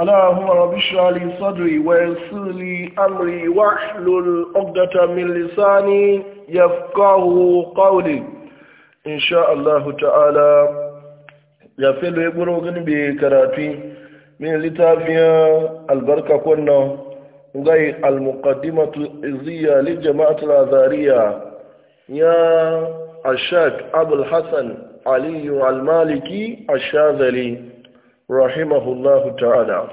اللهم رب اشرح لي صدري ويسر لي امري واحلل عقدة من لساني يفقه قولي ان شاء الله تعالى يا فيلو يبرو غنبي كراتي من لتافيا البركه كنا غي المقدمة الإزية للجماعة الأزارية يا الشيخ أبو الحسن علي المالكي الشاذلي rahimahullahu ta'ala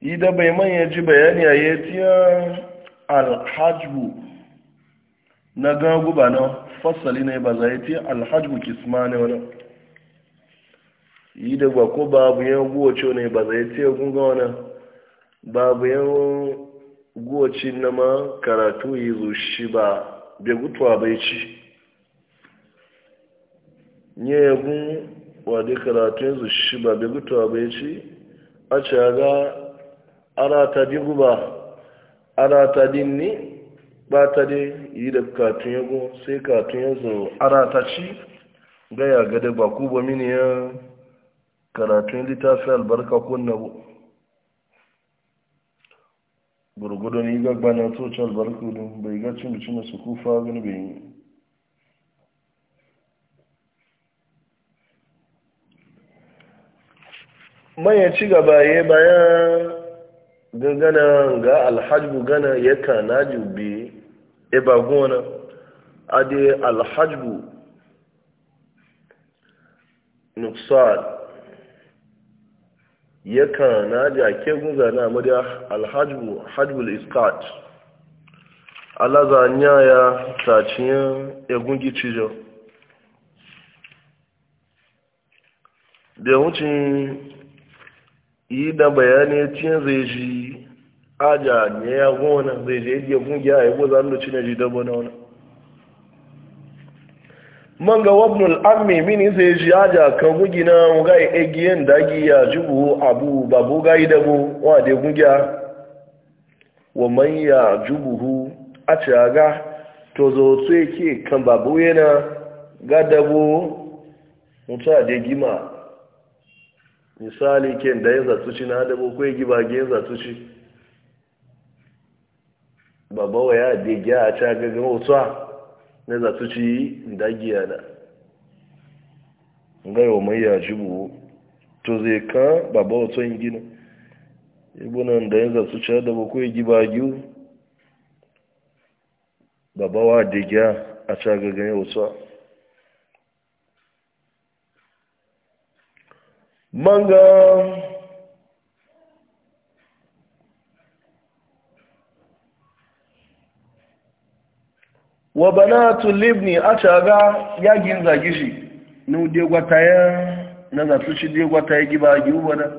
ida bai manya ji bayani a yi yetiyar alhajbu na gagu ba na fasali ne ba za yetiyar alhajbu kisma ne wani ida ba ko babu yan guwace ne ba za yi yetiyar gunga wani babu yan guwacin na ma karatu yi zushi ba bai gutuwa bai ci nye yagun wadi karatun su shi ba bai gutuwa bai ci a ce ga ana ta di guba ana ta di ni ba ta di yi da katun yagun sai katun ya zo ara ta ci gaya ga da ba ba mini ya karatun littafi albarka kunna bu gurgudun yi gagba na tsoci albarka bai ga cin bicin su kufa gani bai yi manyan cigaba gaba ya bayan gangana ga alhajbu gana ya kanaju bi eba gona da alhajbu nuksad ya kanaju a ke gungana mada alhajbu hajbul iskat alazanya ya taciyar egungi cijo da wucin yi da bayani cin zai shi aja ne ya gona zai je yadda kungiya ya goza da cin ji da bana wani man ga wabnul ammi mini zai shi aja kan na ga egiyen dagi ya jubu abu babu ga yi dabo wa da kungiya wa man ya jubuhu a ci aga to zo tsoye ke kan babu yana ga dabo mutu a da gima misali ken da ya zatuci na da boko ya giba ga ya zatuci baba wa ya de a ca gaga wata na zatuci da giya da gaiwa mai ya jibu to zai ka baba wata yin gina ibunan e da ya zatuci da boko ya giba giyu baba wa de gya a ca gaga wata manga wa banatu libni a ya yagin zagi shi na ude gwata ya na zafi shi de gwata ya e giba giwa da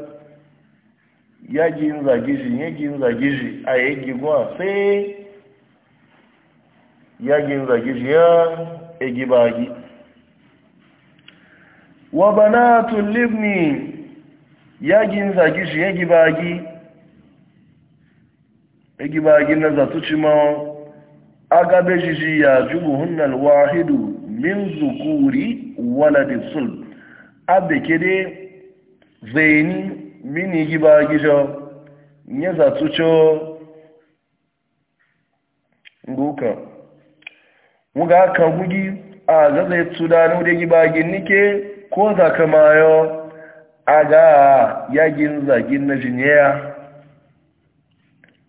ya zagi shi yagin zagi shi a yagi gwa sai yagin zagi shi ya egi ba gi wa banatun libni gin zagi shi ya gibagi ya gibagi na zatuci ma agabe jiji ya jubu hunnal wahidu min zukuri waladin sul abe kede zaini mini gibagi bagi jo nye co nguka muga aka gugi a zazai tsudanu da gibagin nike ko za ka mayo a ga yagin zagin na jiniya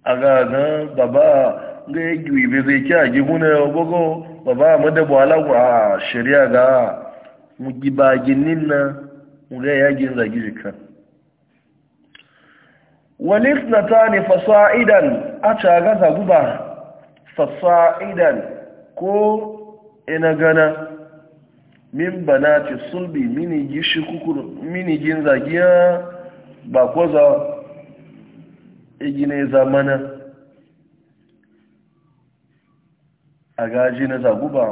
a ga na baba ga ya gibe zai kya gihuna yau gogo baba madabu alagwa a shirya ga mugibagin ninna ga yagin zagin jikan wani ne fasa'idan a caga zaguba fasa'idan ko ina gana min banati sulbi mini gishi kukuru mini gin zagiya ba kwaza igine zamana a gaji na zaguba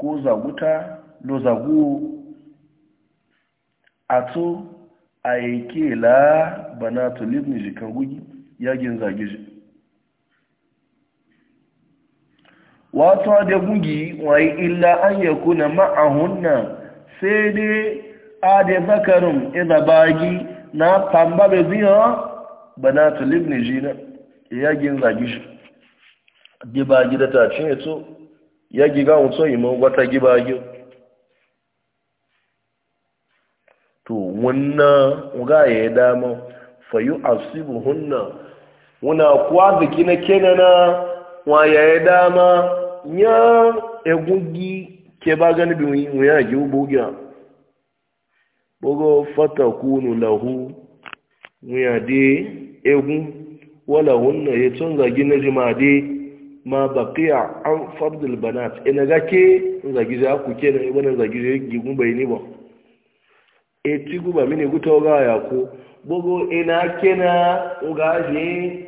ko zaguta lo zagu ato a yake la banatu libni jikan gugi yagin zagiji wato da gungi wai illa an yakuna ma'ahunna sai dai a da ina bagi na tamba bai ziyo bana tulib ne jina yagin zagi shi di bagi da ta cin eto yagi ga wuto imo wata gi bagi to wannan ga ya dama fayu asibuhunna wana kuwa ziki na kenana wa yayi dama ya egungi ke ba gani bi mu ya ji bugiya bogo fatakunu lahu mu ya de egun wala hunna ya tunza jimade ma baqiya an fardul banat ina gake zagi za ku kenan ibana zagi gigun bai ni ba e tiguba mini gutoga ya ku bogo ina kena ugaje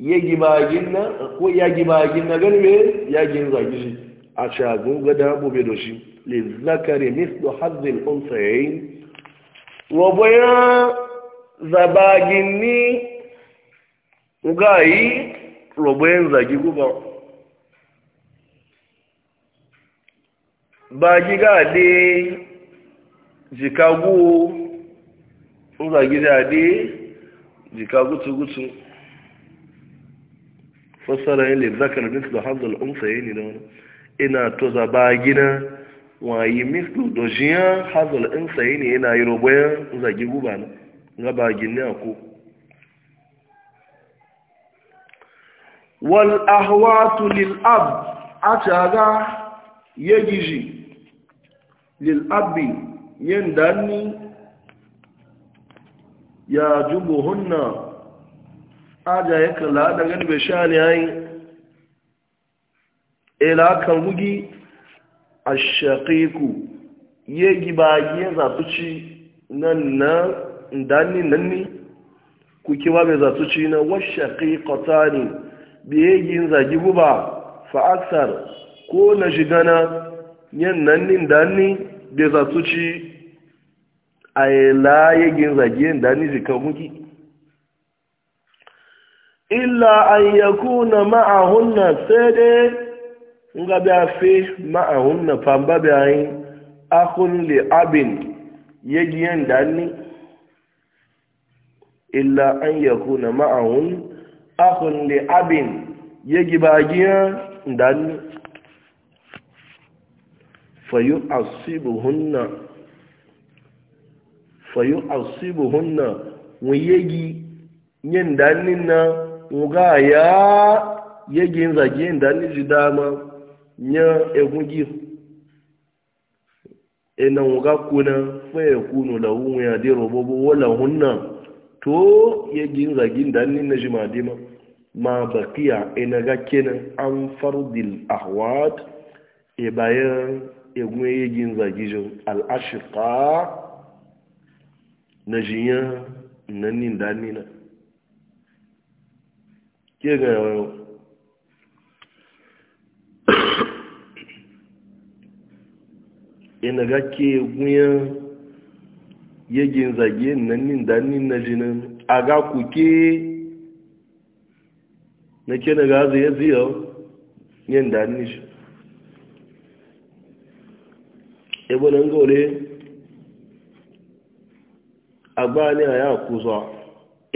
yagi magin na ko yagi na gani me yagin zagi shi a shagun gada bube da shi le zakari mislu hazin unsa yi wa baya zabagin ni ugayi robayen zagi guba bagi ga de jikagu zagi da de jikagu tugutu fassara yin lizzakar mislu hazal umsa yi ne ina to zaba gina wayi mislu dojiya hazal umsa yi ne yana yi rogoyan zagi guba na gaba gini a ko wal ahwatu lil ab a caga ya gishi lil abbi yin danni ya jubuhunna aja ya kalla da gani bai sha ne yayi ila kan gugi ashaqiqu ye gibagi ya zatuci nan na ndani nan ni ku kiwa mai zatuci na washaqiqatani biye yin zagi guba fa aksar ko na shigana yan nan ni ndani bai zatuci a ila ye gin zagi ndani zikan gugi illa an yakuna ma'ahunna sai dai nga biya fi ma'ahunna famba biya yi akun li abin yagiyan danni illa an yakuna ma'ahun akun li abin yagi bagiyan danni fayu asibuhunna fayu asibuhunna wani yagi nyen dannin na nga ya yeginza genda nijidama nya egungi ena nga kuna fe kunu la umu ya diro bobo wala hunna to yeginza ginda ni najima dima ma bakiya ena ga kenan an fardil ahwad e bayan egun yeginza gijo al ashqa najiya nannin danina ke ga yawo ina ga ke guyan yagin zage nan nin na jinin a ga kuke na ke na ga zai ziyo yin da shi ebe nan gore agba ni a ya kuzo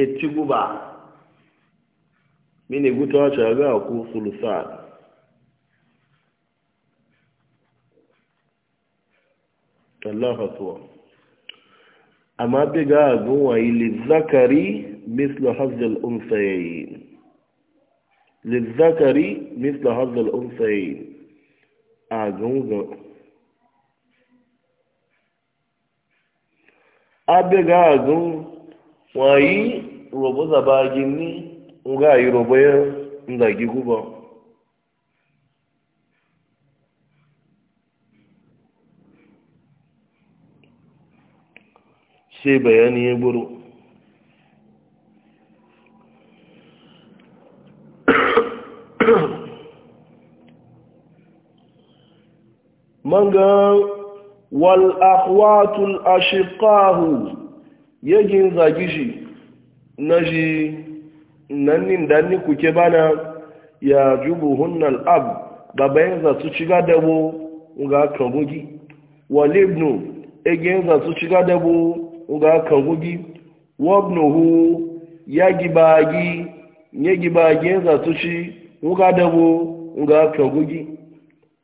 eti guba mi ni mini guto a ga ku sulusa Allah fatuwa amma bi ga gunwa yi lizzakari mislu hazal unsayayi lizzakari mislu hazal unsayayi a gungun abiga agun wayi rubuza bagin ni oga ayiro robo ya ndagi ba sai bayani ya buru manga wal ahwatul ashiqahu yajin zagishi naji na nan nin da ni kuke bana ya jubu hunnal ab baba yanzu su shiga dabo ga kamugi walibnu ege yanzu su shiga dabo ga kamugi wabnuhu ya gibagi ya gibagi yanzu su shi ga dabo ga kamugi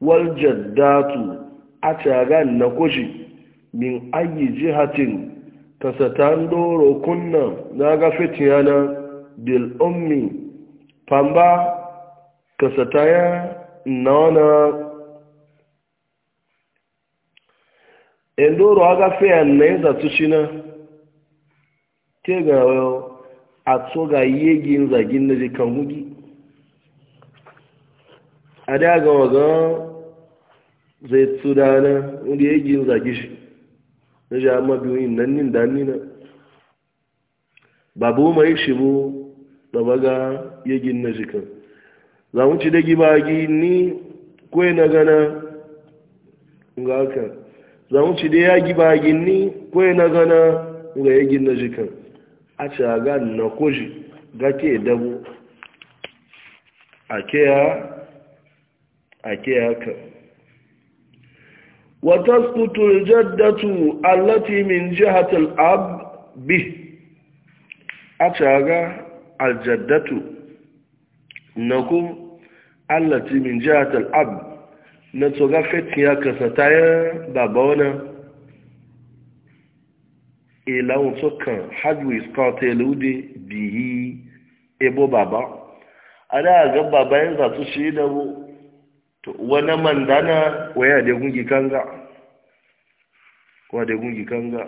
wal jaddatu a cagan na kushi min ayi jihatin kasatan doro kunna na gafe tiyana bil ummi pamba kasataya naona endoro aga fea na tuchina kega yo atsoga yegi nzagi nje kangugi adaga waga zai tsudana ndi yegi nzagi shi nje amma biyu nan nin dan nina babu mai shi bu da baga yagin na jikin za mu ci da gibagi ni kwai na gana ga haka za mu ci da ya gibagi ni kwai na gana ga yagin na jikin a ci a ga na koji ga ke ya?" a ke ya ka وتسقط الجدة التي من جهة الأب به a caga aljaddatu na allati min jihar al'ab na tsoga fetin ya kasa ta yi baba wani ilawun hajji hajjwi ya lude biyi ebo baba a da ga baba yin zatu shi da wani mandana waya da gungi kanga waya da gungi kanga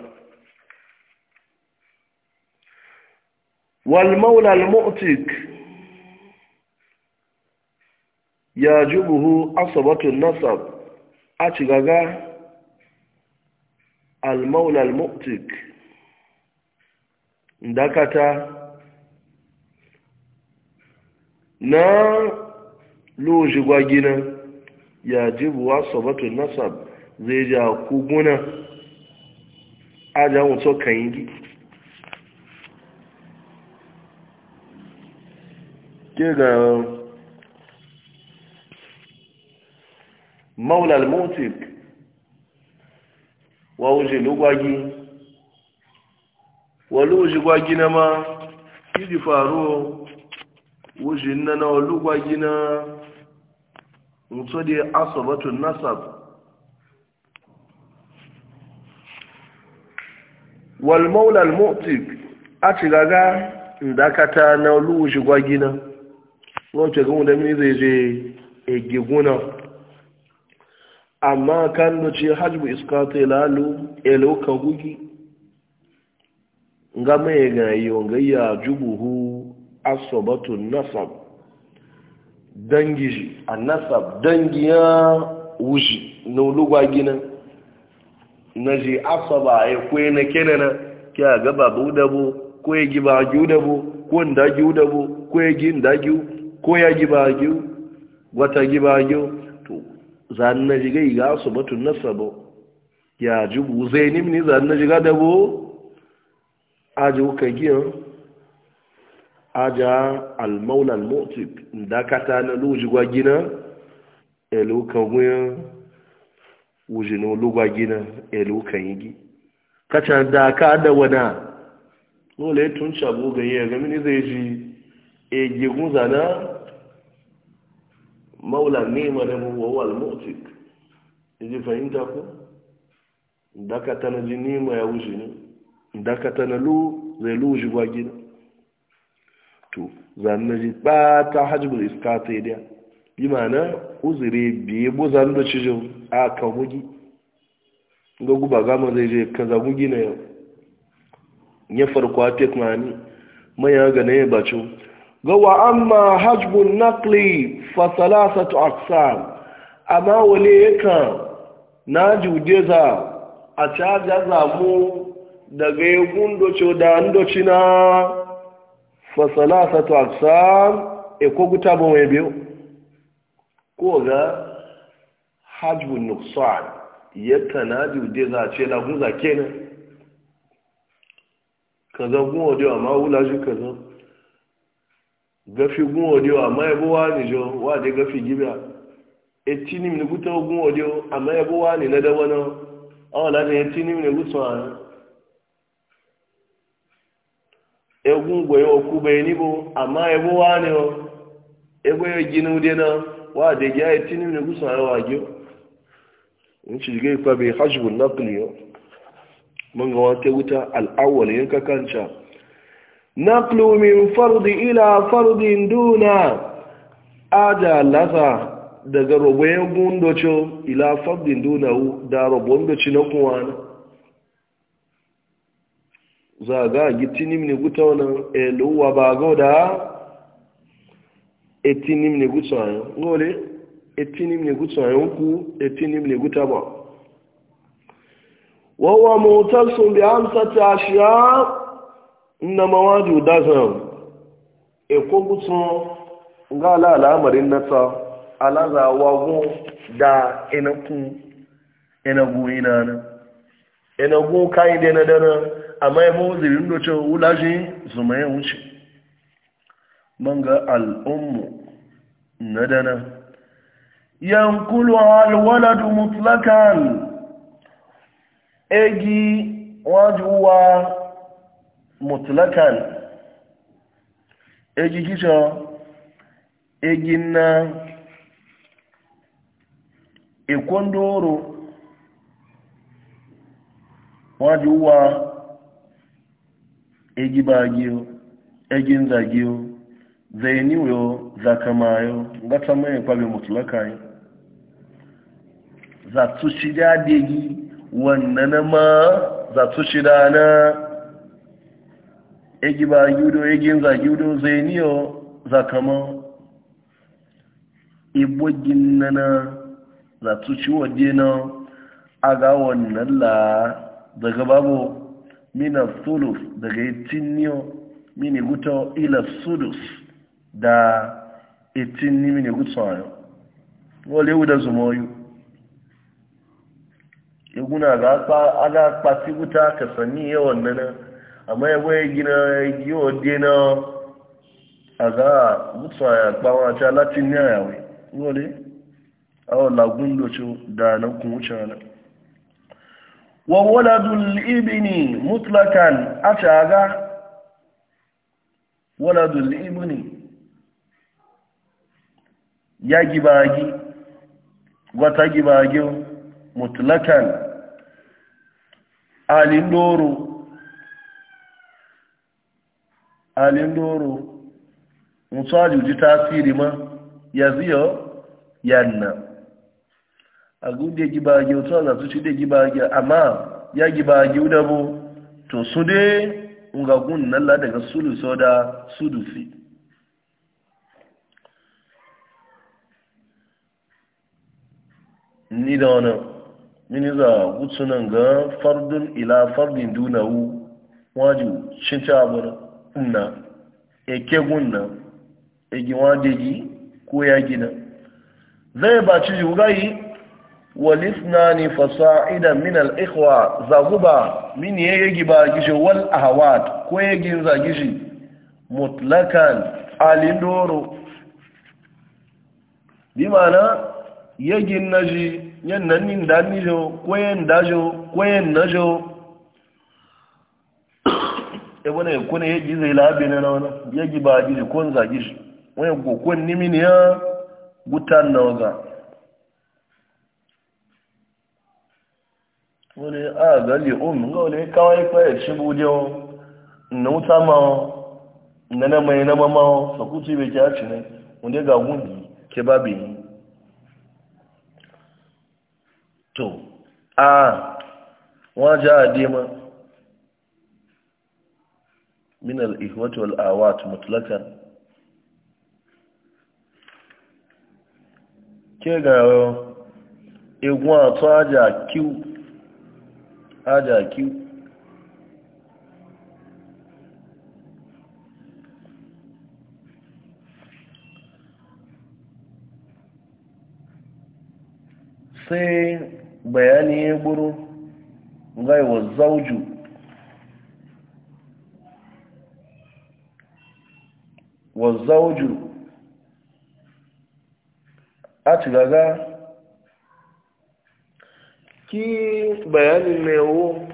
والمولى المؤتك يجبه عصبة النصب أتغغى المولى المؤتك دكتا na loji gwagina ya jibuwa sabatun nasab zai ja kuguna ajan wuto kan yi ke ga maulal motik wa wuce lugwagi wa wuce gwagi na ma kiji faro wuce na na lugwagi na mutu da asabatun nasab wal maulal motik a cigaga dakata na wuce gwagi na wace gun da mini je egiguna amma kan ce hajjibu iska ta ga mai gayi jubuhu asobatun nasab dangi a nasab dangi ya wushi na gina na ji asaba ya na kenana kya gaba bu dabo ko ya giba ju dabo ko nda ju dabo ko ya gi ko ya gibagiyo wata gibagiyo to zanna na jiga ga su batun nasabo ya bu zai nimni zan na jiga dabo aji wuka giyan aja almaunan motif dakata na luji gina elu kan wuyan wujina lugwa gina elu kan yi gi kacan daka da wana nola ya tun shabu ganye ga mini zai ji egigun zana maula nema da wa wal mu'tik idi fahimta ko daka tana jinima ya wuce ne daka tana lu zai lu shi ba gida to zanna ji ba ta hajjibul iska ta yi da bi mana uzure biye bo zan da ci jin a kan hugi ga guba gama zai je kan zagu gina yau ya farko a tekmani mai ya ga na ya bacin ga wa amma hajjbun fasala fa salasatu aqsam amma wale yaka na judeza a caja zamu daga yagun doce da andoci na fasala salasatu aqsam e ko guta ba mai biyu ko ga hajjbun nuqsan yaka na judeza ce na guza kenan kaza kuma wajewa amma wula shi kaza gafi gun odio amma yabo wani jo wa de gafi gibiya etini mi guta gun odio amma yabo wani na dawo na Awa la ne etini mi guta an egun gwe oku be ni bo amma yabo wani o ebo yo jinu de na wa de ja etini mi guta an wa jo in ci ge kwa be hajbun naqli yo mun ga wa ke wuta al-awwal yanka kanca نقل من فرض إلى فرض دون أجلسة daga rubayen gundocho ila fardin dunahu da rabon doci na kuwana za ga gitinim ne guta wani eluwa ba ga da etinim ne guta wani gole etinim guta wani ku etinim wawa motar sun bi amsa ta nnamawa ji ụda zan ekwogbutu ga ala ala amari nnata ala za wago da enakun enagu inana enagu kayi da nadana amma ebe oziri ndoce wulaji zuma ya wuce manga al'ummu nadana yankulu alwaladu mutlakan egi wajuwa mutlakan egi gijo egi na ikondoro waji uwa egi bagio egi nzagio zainiyo zakamayo ngatamaye kwabe mutlakan za tushida degi wannan ma za tushida na egi ba yudo egi nza yudo zeniyo kama ibo ginnana za tuci waje na aga wannan la daga babu mina sulus daga itinniyo mini guto ila sudus da ni mini guto ayo wale wuda zumoyu iguna ga aga pati guta ka sani yawan nana àmọ́ ẹgbẹ́ igi náà yóò dé náà àgá gúúsù àyàgbá wọn àti aláti ní àyàwé wọlé àwọn làgún lòṣù dáná kún ó ṣàrà wọ́n wọ́n ládùn ibi mutlakan àti àgá wọ́n ládùn ibi ní halin doro musu ta tasiri ma ya ziyo yanna a giba gibage otu ala su ci de gibage amma ya gibage udabo to su de ngagun nalla daga suluso da sudufi ni da wani miniza gutsunan ga fardun ila fardin dunawu wajen cin ta abu na ekegun na egiwa deji ko ya gina zai ba ci yugayi ni fasa min al ikwa zaguba min yagi ba gishi wal ahwat ko yegi zagishi mutlakan alindoro bi mana yegin naji yannan nin danijo ko yen dajo ko yen najo bana ya kuna ya gizo na wani ya gi ba gizo ko za gizo wani kokon nimi ne ya gutan na waga wani a gali um ga wani kawai fayar shi bujewa na wuta ma na na mai na mama sakuci bai kya ci ne wanda ga gundi ke babi ni to a wajen adima. min al'ihuwatu al'awat mutlakan ke ga egun ato aja kiw aja kiw sai bayani ya gburu ga wa zauju wa a ci gaga ki bayanin mewo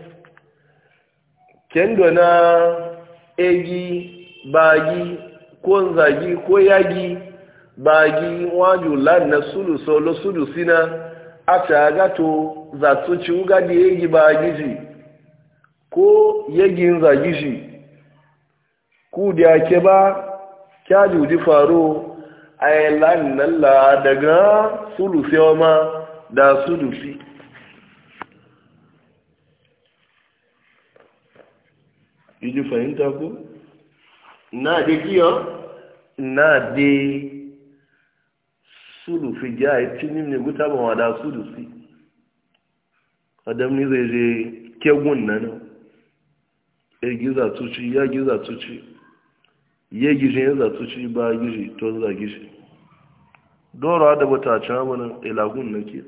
kendo na egi bagi ko zagi ko yagi bagi waju lan na suluso lo sulusina a ci to zatu ci wuga da egi bagi ji ko yagin zagi ji ku da ke ba kyaju ji faru a yi lannalla daga sulusi ma da sulusi iji fahimta ku na de kiyo na de sulufi ja yi cinin ne guta ba wada sulusi adam ni zai je kegun nan ya e giza tuci ya giza tuci ye gishin ya su ci ba gishi to za gije dora da bata ci mana ilagun nake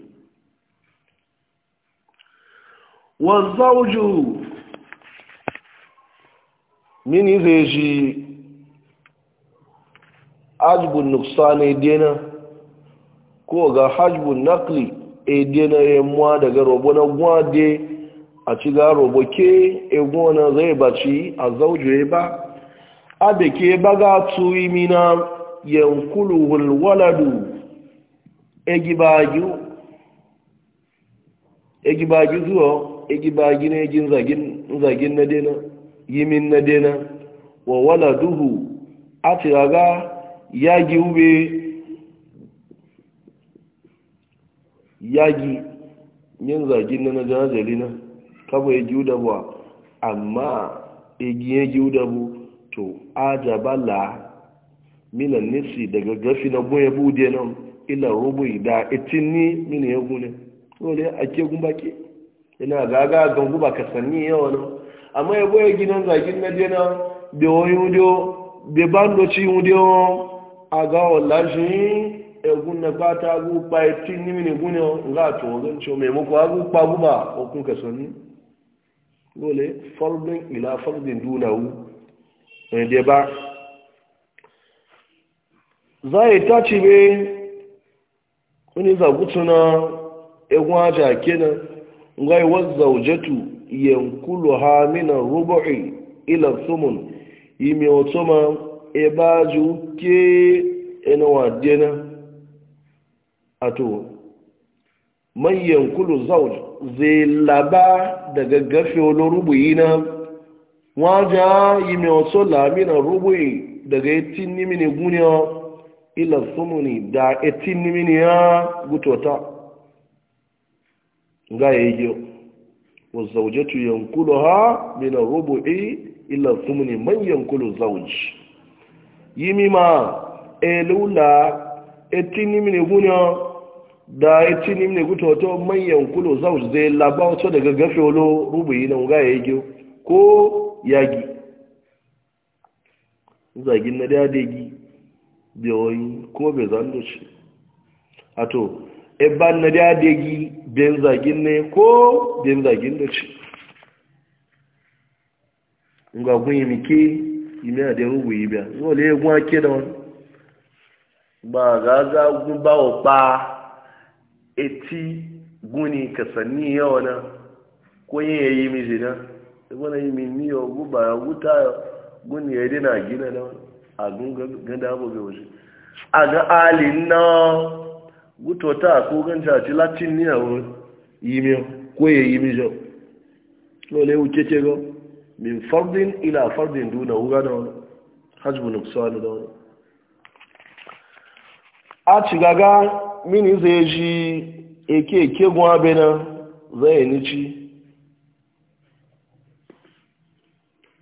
wa zawju mini zai ji nuksani dena ko ga hajbun nakli e dena ya mwa daga robo na gwade a ci ga robo ke e gona zai baci a zaujo ya ba ke baga tsuyi mina yankuluhul waladu egibaju egibaju zuwa egibagi ne egin zagin zagin na dena yimin na dena wa waladuhu atiraga yagi ube yagi yin zagin na jazali na kabo egi udabu amma egi egi udabu to ajabala minan nisi daga gafi na boye bude nan ila rubu da itinni mini ya gune dole ake gumba ke ina gaga gan ba ka sanni yawa nan amma ya boye gidan zagin na dena be oyu dio be doci chi udio aga olaji egun na bata gu pa itinni min gune nga to gan cho me muku agu pa guba okun ka sanni dole fardin ila fardin dunawu ɗaya ba za a yi taci be wani zagutu na egun aja kenan ngai wadda wujatu yankulu ha mina rubu'i ila sumun ime otoma eba ji uke enawa dena ato man yankulu zauj zai laba daga gafe olorubu yi na waja yi mai wasu rubuyi daga etin nimini guniya ilar da etin nimini gutota ga ya yi wazaujatu yankulu ha mina rubu'i ilar sumuni man yankulu zauji yi mima elula etin nimini guniya da etin nimini gutota man yankulu zauji zai labar daga gafe wani rubu'i na nga ya yi ko yagi zagin na dadegi bewoyi kuma bai zan doce a to ebban na dadegi ben zagin ne ko ben zagin doce ga kun yi mike ime a da rubu yi biya zuwa da ya gwa ke da wani ba ga ga gun ba wa ba eti guni kasanni yawa na ko yin yayi mijina wani yi min niyo guba ya gun na gina da wani a gun gada abu bai wasu a ga na guto latin ni a yi miyo ko ya yi mijo lole wuce ce min fardin ila fardin ndụ na da wani hajjibu nuksani da a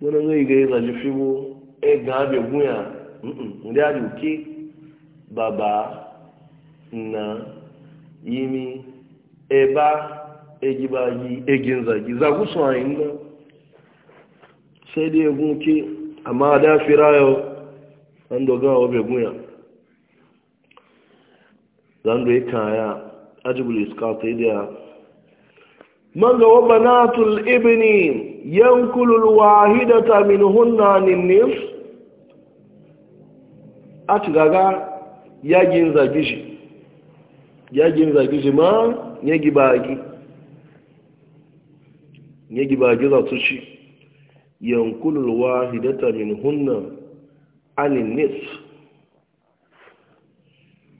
wani zai ga yi zaji fibo e ga abe ndị a duke baba na yimi eba egibagi egin zagi zagu anyị nna sai dai egun ke amma da fira yau ya kaya ajibul iska ta yi da ya man ga wa yankulu alwahidata minhunna ninnif atigaga yagin zagishi yagin zagishi ma yagi bagi yagi bagi za su ci yankulu alwahidata minhunna anin nisf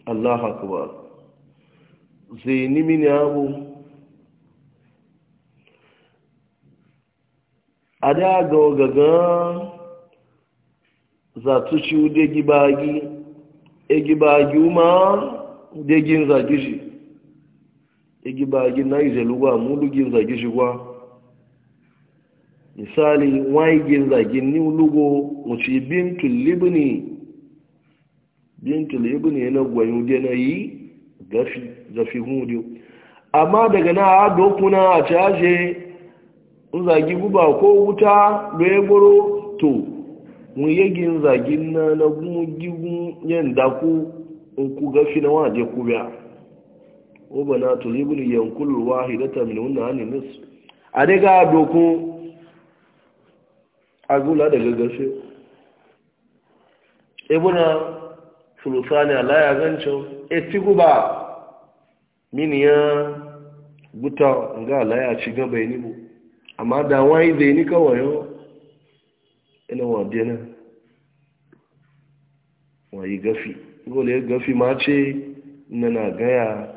Allah akbar zai nimi ne abu a da ga ogagan zatuci ude gibagi egibagi uma degin zagiji egibagi na izeluwa mulugin zagiji kwa misali waigin zagin ni ulugo muci bintu libni bintu libni na gwayo de na yi gafi gafi hudu amma daga na a a caje nzagi guba ko wuta da to mu yagin nzagi na na gugun yan daku in ku gafi na waje ku obana oba na to zibul yankul wahidata min wannan hanin nis a daga doku agula daga gafe ebuna sulusani ala ya gancin eti guba ya guta nga ala ya ci gaba ya nibu amma da wani zai ni kawai ina wa na wayi gafi gole gafi ma ce nana gaya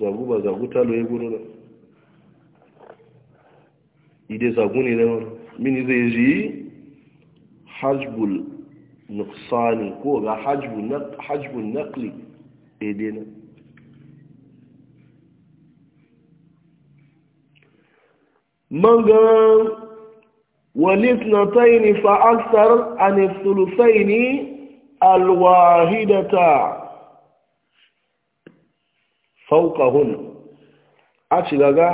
zagu ba zagu talo ya gudu na ide zagu ne na mini zai ji hajjbul nuksani ko ga hajjbul nakli na mangan walisnataini fa aksar an thuluthaini alwahidata fawqahun a cigaga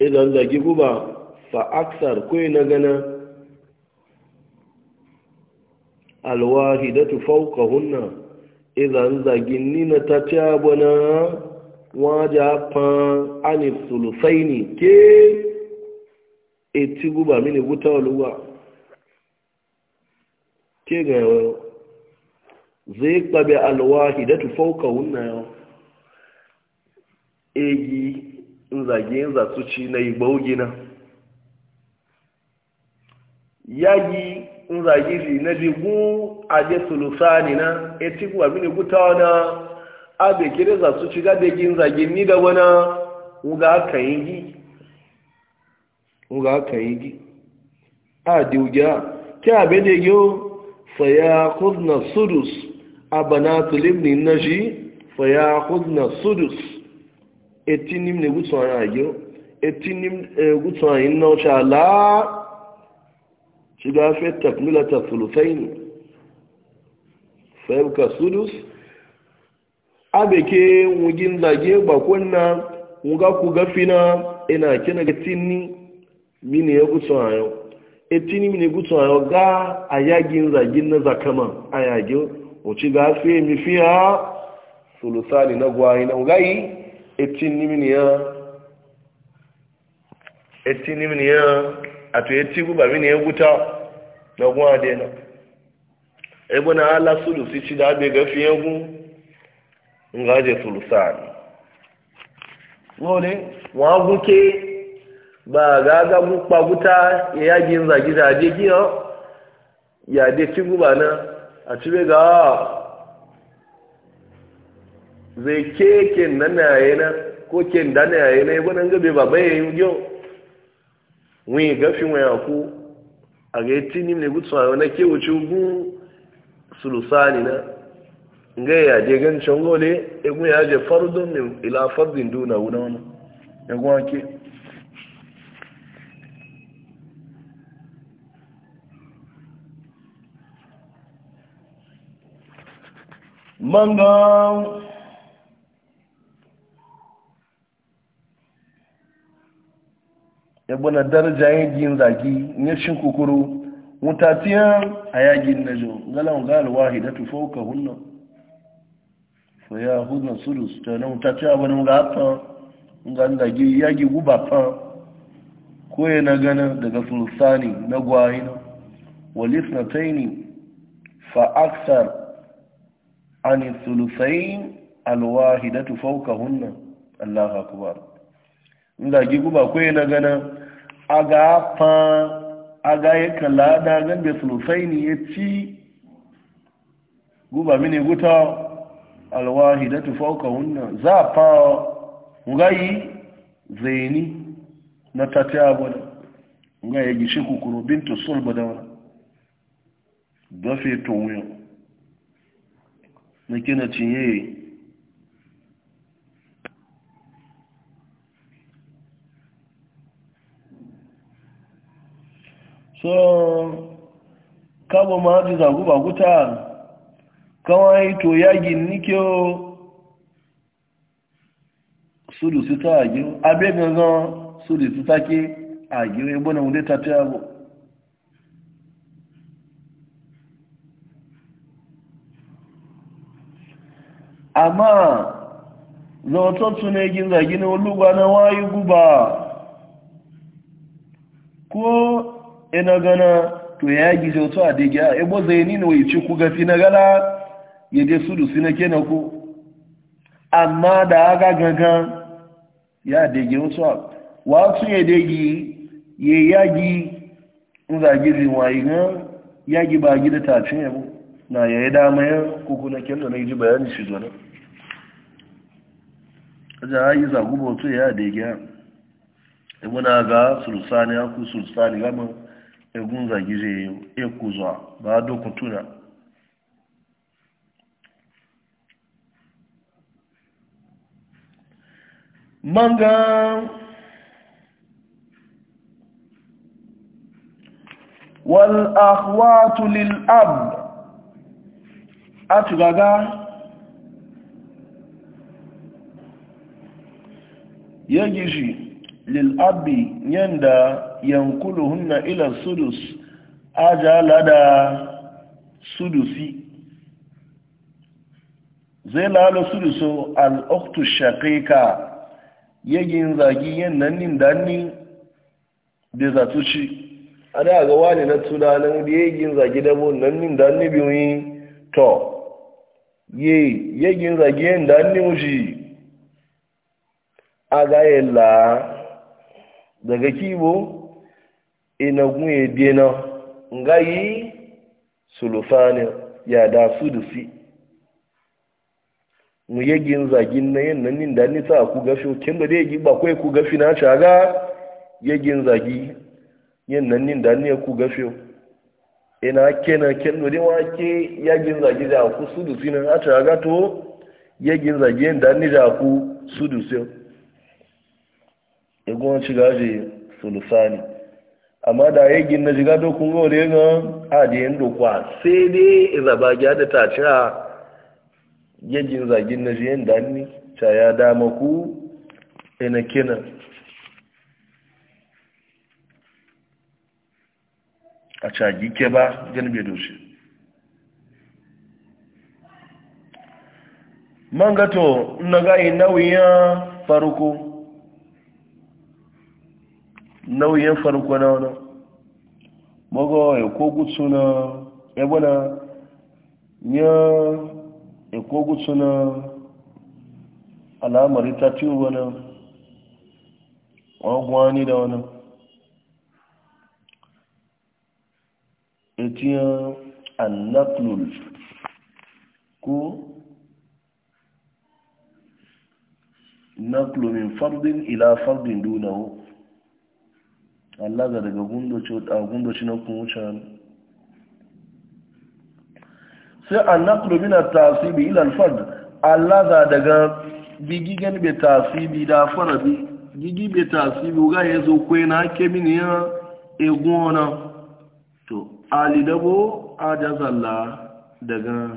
idan zagi guba fa aksar kai na gana alwahidatu fawqahunna idan zagin nina ta bana. wọ́n já pan anìsòlòfẹ́ìnì ké etí gúbà mí ní gúta olúwa ké gàwẹ́ zai kpabe alwahi da tu fauka wunna yau egi nzage nzatsuci na igbo gina yayi nzage na bigun adesulufani na etiku abin guta na bai kira za su shiga da yakin zagin ni da wana wuga aka yi gi wuga aka yi gi a diuga ki abe da yo faya kudna sudus a ni na shi faya kudna sudus nim ne gutsu an ayo etinim e, gutsu yi na wuce ala shiga fe takmilata fulufai ne yabka sudus abeke wugin zage bakon na wuga ku gafina na ina kina ga tinni mini ya gutsu ayo e tinni mini gutsu ayo ga ayagin zagin na zakama ayagin uci ga fi mi ha sulusani na gwai na ugai e tinni mini ya e tinni mini ya ato e tigu ba mini ya guta na gwade na ebe na ala sulusi ci da abe gafi yagun ngaje sulusan ngole wa guke ba gaga gukpa guta ya yaji zagi zaje kiyo oh? ya de tigu bana a cibe ga oh? zai ke na nan yana ko ken na yana ya gwanan gabe ba bai yi yo wi gafin waya ku a ga tini ne gutsuwa na ke wuce gun sulusani na nga ya je gan shangole egun ya je fardun min e ila fardin duna wuna wani egun wake manga yabo e na daraja yin zagi ne shin kukuru mutatiyan a yagin najo galan galwa hidatu fauka hunna ya hudun sulus ta nan ta ci abu nan gafa ganda gi ya gi guba fa ko ya na gana daga sulsani na gwayina walis na taini fa aksar ani sulusain alwahidatu fauka hunna allah akbar inda gi guba ko ya na gana aga fa aga ya kala da gan da sulusaini ya ci guba mini guta alwahidatu fawqahunna za fa ngai zaini na tatabu nga ya gishi kukuru bintu sulba da wani dafe tunwuyo na kina cinye so kabo ma haji zagu ba guta kawai to yagin nikyo sudu sita agiyo abe da sudu sita ke agiyo ebo na wunde tafi abu amma zautottu ne gin zagi na olugba na wayi guba ko ina gana to ya gizo to a diga ebo zai nina wai ci ku gafi na gala ya je sulusi na kenan ko amma da aga gangan ya dege gi wasu ya gi ya yagi yi zinwayi ya gi ba cin ya bu na ya yi damayan kuku na kello na yi ji bayani shi Aja ja yi zagu bautu ya dege ya sani ga sulusani aku sulusani gama egun zagi zai yi ekuzuwa ba dokun tuna manga wal akhwatu lil ab atugaga yajiji lil abi nyanda yankuluhunna ila sudus ajalada sudusi zai lalo sudusu al-uktu shaqiqa yagin zagi yan nan nin danni da zatu ci a da ga wani na tunanin da yagin zagi da bu nan nin danni biyu yi to ye yagin zagi yan danni mushi a ga yalla daga kibo ina gunye dena yi sulufani ya da su da si mu yagin zagin na yin nan da nisa a ku gafi kin da yagi ba kai ku gafi na cha ga yagin zagi yin nan nin da ni ku gafi ina na ke do ne wake yagin zagi da ku sudu sinan e a cha ga to yagin zagi yin da ni da ku sudu sai egon ci gaje sulusani amma da yagin na jiga do kun gore ga a da yin do kwa sai dai izaba e ga da ta cha yajin zagin na jiyan da ni ta ya dama ku ina kina a cagi ke ba gani bai doshi man gato na gayi nauyin farko nauyin faruko na wani mago ya kogu suna ya bana ya in kogu suna alamari ta ci wani wani da wani etiyan annaklul ko naklu min fardin ila fardin dunawo allah ga daga gundo ci na kun wuce sai an naƙulu mina tasibi ilal fard Allah za daga bigigen be tasibi da farabi gigi be tasibi ga ya zo kwai na ke mini ya egona to ali a da daga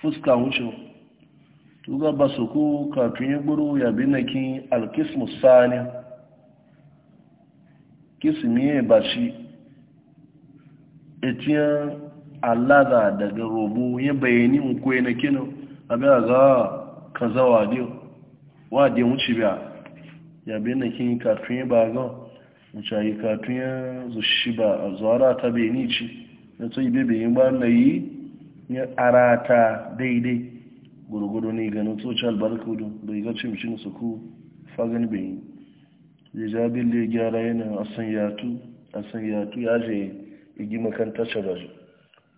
fuska wucin. to ga ba su ko kafin ya ya bi na kin alkismu sani kismiye bashi etiyan Allah za daga robo ya bayani muku yana kino abin ga ka zawa diyo wa diyo wuce biya ya bi na kin katun ya ba gan wuce yi katun ya shi ba a zuwara ta bayani ci na to yi bebe ba na yi ya arata daidai gurgudu ne ganin ci albarka da bai ga cin cin su ku fagen bai ya ja bin da ya gyara yana san yatu asan yatu ya je igi makanta shabashi